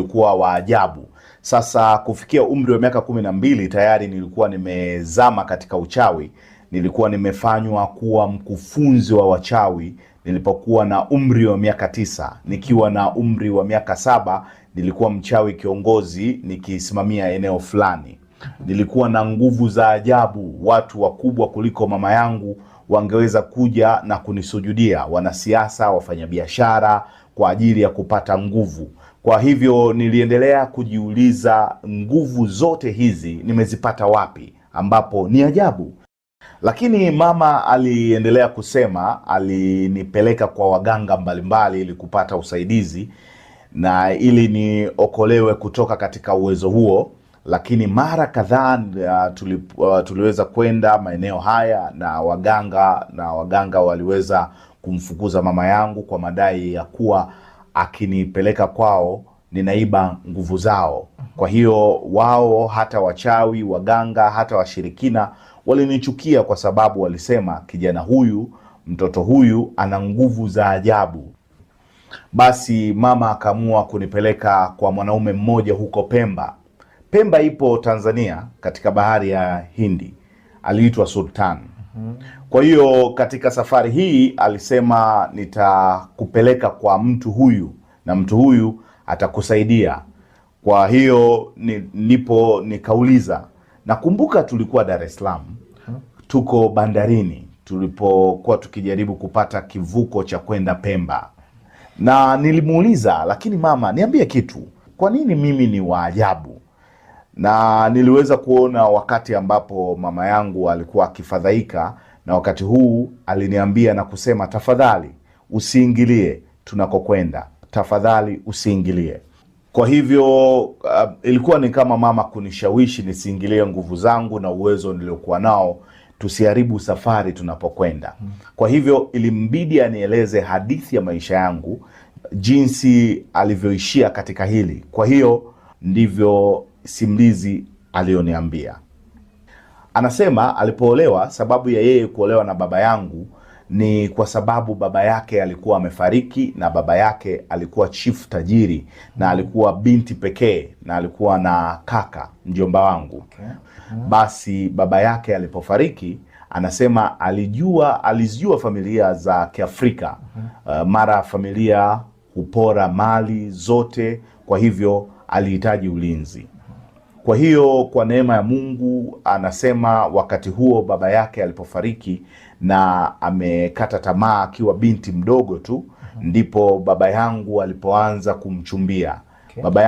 Ulikuwa wa ajabu. Sasa kufikia umri wa miaka kumi na mbili tayari nilikuwa nimezama katika uchawi. Nilikuwa nimefanywa kuwa mkufunzi wa wachawi nilipokuwa na umri wa miaka tisa. Nikiwa na umri wa miaka saba nilikuwa mchawi kiongozi nikisimamia eneo fulani. Nilikuwa na nguvu za ajabu. Watu wakubwa kuliko mama yangu wangeweza kuja na kunisujudia, wanasiasa, wafanyabiashara, kwa ajili ya kupata nguvu. Kwa hivyo niliendelea kujiuliza, nguvu zote hizi nimezipata wapi? Ambapo ni ajabu. Lakini mama aliendelea kusema, alinipeleka kwa waganga mbalimbali ili kupata usaidizi na ili niokolewe kutoka katika uwezo huo lakini mara kadhaa uh, tuli, uh, tuliweza kwenda maeneo haya na waganga na waganga waliweza kumfukuza mama yangu kwa madai ya kuwa akinipeleka kwao ninaiba nguvu zao. Kwa hiyo wao, hata wachawi, waganga, hata washirikina walinichukia kwa sababu walisema kijana huyu, mtoto huyu ana nguvu za ajabu. Basi mama akaamua kunipeleka kwa mwanaume mmoja huko Pemba Pemba ipo Tanzania katika bahari ya Hindi, aliitwa Sultan. Kwa hiyo katika safari hii alisema nitakupeleka kwa mtu huyu na mtu huyu atakusaidia. Kwa hiyo nipo nikauliza, nakumbuka tulikuwa Dar es Salaam, tuko bandarini tulipokuwa tukijaribu kupata kivuko cha kwenda Pemba, na nilimuuliza, lakini mama, niambie kitu, kwa nini mimi ni waajabu na niliweza kuona wakati ambapo mama yangu alikuwa akifadhaika, na wakati huu aliniambia na kusema, tafadhali usiingilie tunakokwenda, tafadhali usiingilie. Kwa hivyo uh, ilikuwa ni kama mama kunishawishi nisiingilie nguvu zangu na uwezo niliokuwa nao, tusiharibu safari tunapokwenda. Hmm. Kwa hivyo ilimbidi anieleze hadithi ya maisha yangu, jinsi alivyoishia katika hili. Kwa hiyo ndivyo simulizi aliyoniambia. Anasema alipoolewa, sababu ya yeye kuolewa na baba yangu ni kwa sababu baba yake alikuwa amefariki, na baba yake alikuwa chifu tajiri, na mhm. alikuwa binti pekee, na alikuwa na kaka mjomba wangu mhm. Basi baba yake alipofariki anasema alijua alizijua familia za Kiafrika mhm. uh, mara familia hupora mali zote, kwa hivyo alihitaji ulinzi. Kwa hiyo kwa neema ya Mungu anasema wakati huo baba yake alipofariki na amekata tamaa akiwa binti mdogo tu, mhm. ndipo baba yangu alipoanza kumchumbia. Okay. Baba